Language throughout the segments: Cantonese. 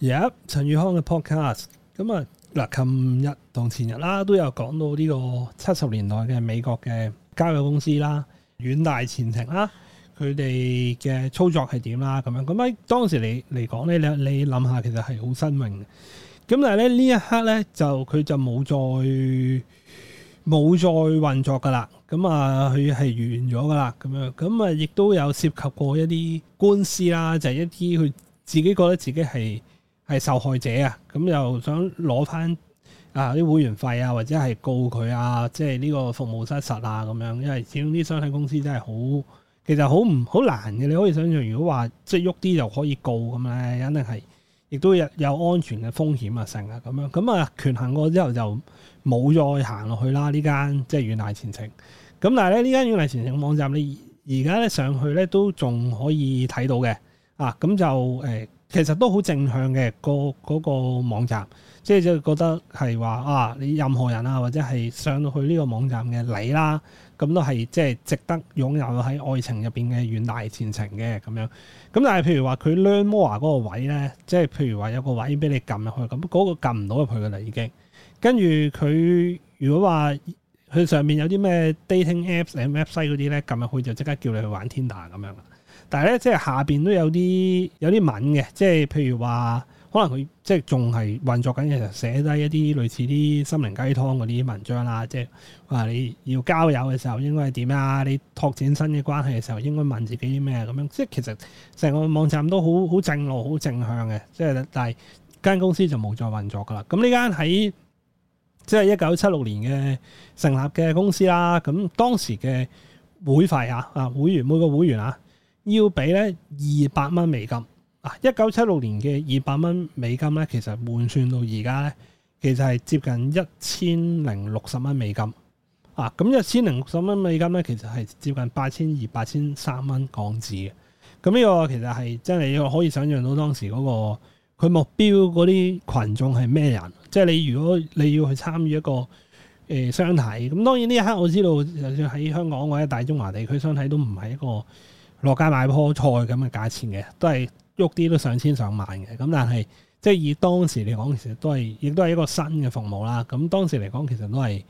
Yeah, 陳宇康嘅 podcast，咁啊嗱，琴日同前日啦，都有講到呢個七十年代嘅美國嘅交友公司啦，遠大前程啦，佢哋嘅操作係點啦，咁樣咁啊，當時你嚟講咧，你你諗下，其實係好新穎嘅。咁但係咧呢一刻咧，就佢就冇再冇再運作噶啦，咁啊佢係完咗噶啦，咁樣咁啊亦都有涉及過一啲官司啦，就係、是、一啲佢自己覺得自己係。係受害者啊！咁又想攞翻啊啲會員費啊，或者係告佢啊，即係呢個服務失實啊咁樣。因為始終啲相睇公司真係好，其實好唔好難嘅。你可以想象，如果話即係喐啲就可以告咁咧，肯定係亦都有有安全嘅風險啊、成啊咁樣。咁啊，權衡過之後就冇再行落去啦。呢間即係遠大前程。咁、啊、但係咧，呢間遠大前程網站你而家咧上去咧都仲可以睇到嘅。啊，咁就誒。呃其實都好正向嘅，嗰個嗰、嗰個網站，即係就覺得係話啊，你任何人啊，或者係上到去呢個網站嘅你啦，咁都係即係值得擁有喺愛情入邊嘅遠大前程嘅咁樣。咁但係譬如話佢 Learn More 嗰個位咧，即係譬如話有個位俾你撳入去，咁、嗰、嗰個撳唔到入去嘅啦已經。跟住佢如果話佢上面有啲咩 dating apps、app 西嗰啲咧，撳入去就即刻叫你去玩 Tinder 咁樣。但係咧，即係下邊都有啲有啲文嘅，即係譬如話，可能佢即係仲係運作緊嘅時候，寫低一啲類似啲心靈雞湯嗰啲文章啦，即係話你要交友嘅時候應該係點啊？你拓展新嘅關係嘅時候應該問自己啲咩咁樣？即係其實成個網站都好好正路、好正向嘅。即係但係間公司就冇再運作噶啦。咁呢間喺即係一九七六年嘅成立嘅公司啦。咁當時嘅會費啊，啊會員每個會員啊。要俾咧二百蚊美金啊！一九七六年嘅二百蚊美金咧，其實換算到而家咧，其實係接近一千零六十蚊美金啊！咁一千零六十蚊美金咧，其實係接近八千二、八千三蚊港紙嘅。咁呢個其實係真係你可以想像到當時嗰、那個佢目標嗰啲群眾係咩人？即、就、係、是、你如果你要去參與一個誒相睇，咁、呃、當然呢一刻我知道，就算喺香港或者大中華地區相睇都唔係一個落街買棵菜咁嘅價錢嘅，都係喐啲都上千上萬嘅。咁但係即係以當時嚟講，其實都係亦都係一個新嘅服務啦。咁當時嚟講，其實都係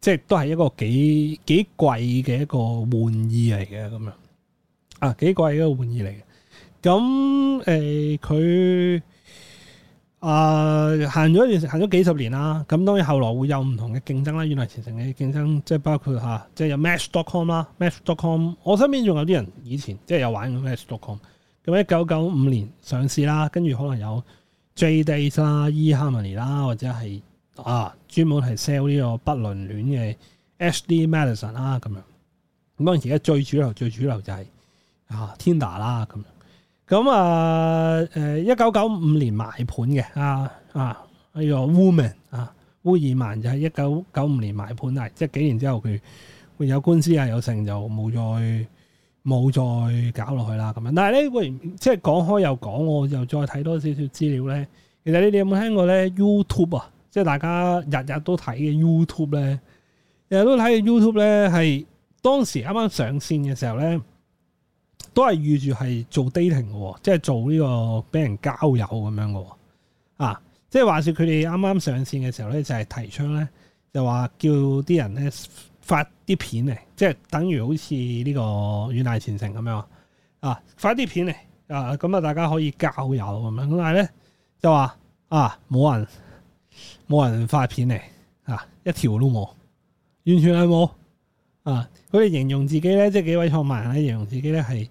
即係都係一個幾幾貴嘅一個玩意嚟嘅咁樣啊，幾貴嘅一個玩意嚟嘅。咁、嗯、佢。呃啊、呃，行咗一段，行咗幾十年啦。咁當然後來會有唔同嘅競爭啦。原來前程嘅競爭，即係包括嚇，即、啊、係、就是、有 Match.com 啦，Match.com。我身邊仲有啲人以前即係、就是、有玩過 Match.com。咁一九九五年上市啦，跟住可能有 JDate 啦、eHarmony 啦，或者係啊專門係 sell 呢個不倫戀嘅 HD Madison 啦咁樣。咁當然而家最主流最主流就係、是、啊 Tinder 啦咁樣。咁、嗯、啊，誒一九九五年買盤嘅啊啊，呢個 Woman 啊，烏爾曼就係一九九五年買盤，係即係幾年之後佢會有官司啊，有成就冇再冇再搞落去啦咁樣。但係咧，喂，即係講開又講，我又再睇多少少資料咧。其實你哋有冇聽過咧 YouTube 啊？即係大家日日都睇嘅 YouTube 咧，日日都睇嘅 YouTube 咧，係當時啱啱上線嘅時候咧。都係預住係做 dating 嘅，即係做呢個俾人交友咁樣嘅，啊，即係話說佢哋啱啱上線嘅時候咧，就係提倡咧，就話叫啲人咧發啲片嚟，即係等於好似呢個遠大前程咁樣啊，發啲片嚟啊，咁啊大家可以交友咁樣，咁但係咧就話啊冇人冇人發片嚟啊，一條都冇，完全係冇啊！佢哋形容自己咧，即係幾位創辦人咧，形容自己咧係，是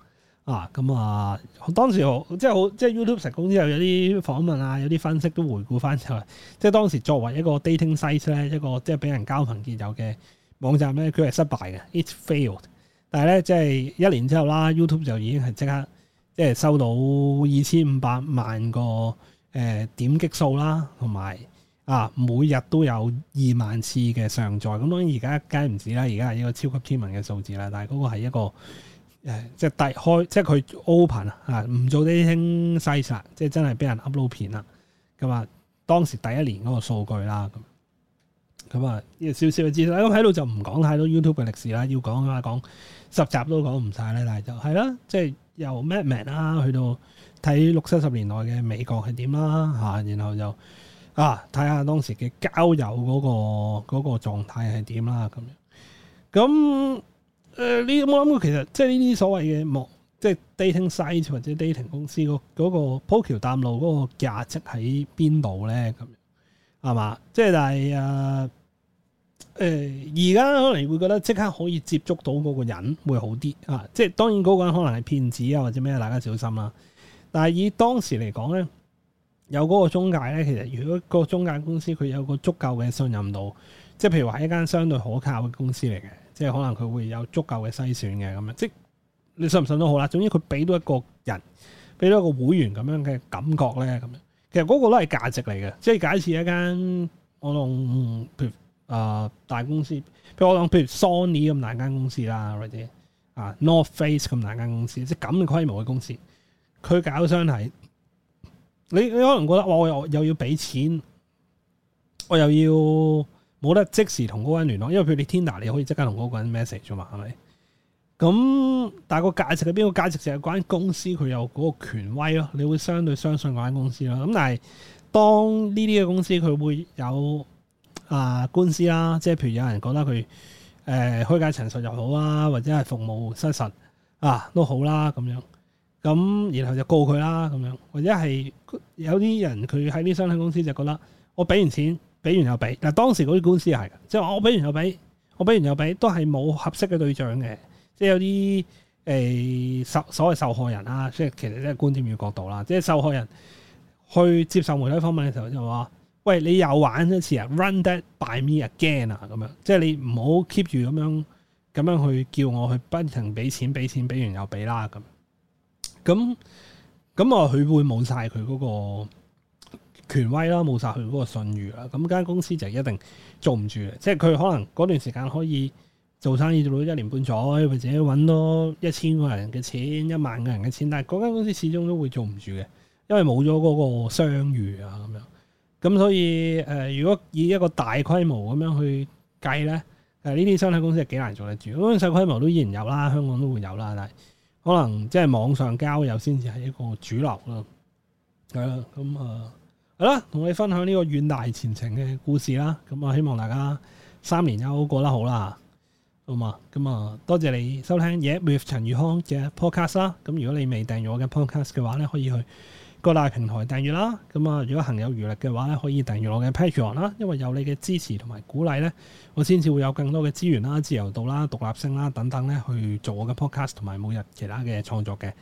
啊，咁、嗯、啊，當時好即係好即係 YouTube 成功之後，有啲訪問啊，有啲分析都回顧翻就係，即係當時作為一個 dating site 咧，一個即係俾人交朋結友嘅網站咧，佢係失敗嘅，it failed。但係咧，即係一年之後啦，YouTube 就已經係即刻即係收到二千五百萬個誒、呃、點擊數啦，同埋啊，每日都有二萬次嘅上載。咁當然而家梗係唔止啦，而家係一個超級天文嘅數字啦。但係嗰個係一個。誒，即係大開,開，即係佢 open 啊，嚇唔做啲輕細殺，即係真係俾人 upload 片啦。咁啊，當時第一年嗰個數據啦，咁咁啊，少少嘅知識咁喺度就唔講太多 YouTube 嘅歷史啦。要講啊，講十集都講唔晒咧，但係就係、係、啦，即係由 Madman 啦、啊，去到睇六七十年代嘅美國係點啦，嚇，然後就啊，睇下當時嘅交友嗰、嗰個嗰、嗰個狀態係點啦，咁樣咁。誒、呃，你我諗過其實，即係呢啲所謂嘅網，即係 dating s i z e 或者 dating 公司嗰嗰、那個鋪橋路嗰個價值喺邊度咧？咁，係嘛？即係但係誒，而、呃、家、呃、可能會覺得即刻可以接觸到嗰個人會好啲啊！即係當然嗰個人可能係騙子啊，或者咩，大家小心啦。但係以當時嚟講咧，有嗰個中介咧，其實如果個中介公司佢有個足夠嘅信任度，即係譬如話係一間相對可靠嘅公司嚟嘅。即係可能佢會有足夠嘅篩選嘅咁樣，即係你信唔信都好啦。總之佢俾到一個人，俾到一個會員咁樣嘅感覺咧，咁樣其實嗰個都係價值嚟嘅。即係假設一間我諗，譬如誒大公司，譬如我諗譬如 Sony 咁大間公司啦，或者啊，North Face 咁大間公司，即係咁嘅規模嘅公司，佢搞商係你你可能覺得哇，我又要俾錢，我又要。冇得即時同嗰個人聯絡，因為譬如你 Tinder 你可以即刻同嗰個人 message 嘛，係咪？咁但係個價值係邊個價值就係關於公司佢有嗰個權威咯，你會相對相信嗰間公司咯。咁但係當呢啲嘅公司佢會有啊、呃、官司啦，即係譬如有人覺得佢誒虛假陳述又好啦，或者係服務失實啊都好啦咁樣。咁然後就告佢啦咁樣，或者係有啲人佢喺呢啲新公司就覺得我俾完錢。俾完又俾嗱，當時嗰啲官司係㗎，即係我俾完又俾，我俾完又俾，都係冇合適嘅對象嘅。即係有啲誒受所謂受害人啦，即係其實即係觀點與角度啦。即係受害人去接受媒體訪問嘅時候就話：喂，你又玩一次啊，Run that by me again 啊，咁樣。即係你唔好 keep 住咁樣咁樣去叫我去不停俾錢俾錢俾完又俾啦咁。咁咁我佢會冇晒佢嗰個。權威啦，冇曬佢嗰個信譽啦，咁間公司就一定做唔住嘅。即係佢可能嗰段時間可以做生意做到一年半載，或者揾多一千個人嘅錢、一萬個人嘅錢，但係嗰間公司始終都會做唔住嘅，因為冇咗嗰個商譽啊咁樣。咁所以誒、呃，如果以一個大規模咁樣去計咧，誒呢啲相睇公司係幾難做得住。咁細規模都依然有啦，香港都會有啦，但係可能即係網上交友先至係一個主流咯，係啦，咁啊。呃好啦，同你分享呢個遠大前程嘅故事啦。咁啊，希望大家三年休過得好啦，好嘛？咁啊，多謝你收聽《Yet With 陳宇康》嘅 Podcast 啦。咁如果你未訂閱我嘅 Podcast 嘅話咧，可以去各大平台訂閱啦，咁啊，如果行有餘力嘅話咧，可以訂閱我嘅 Patreon 啦，因為有你嘅支持同埋鼓勵咧，我先至會有更多嘅資源啦、自由度啦、獨立性啦等等咧，去做我嘅 podcast 同埋每日其他嘅創作嘅。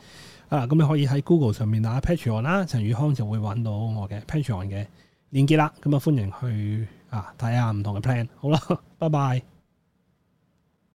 啊，咁你可以喺 Google 上面打 Patreon 啦，陳宇康就會搵到我嘅 Patreon 嘅連結啦。咁啊，歡迎去啊睇下唔同嘅 plan。好啦，拜拜。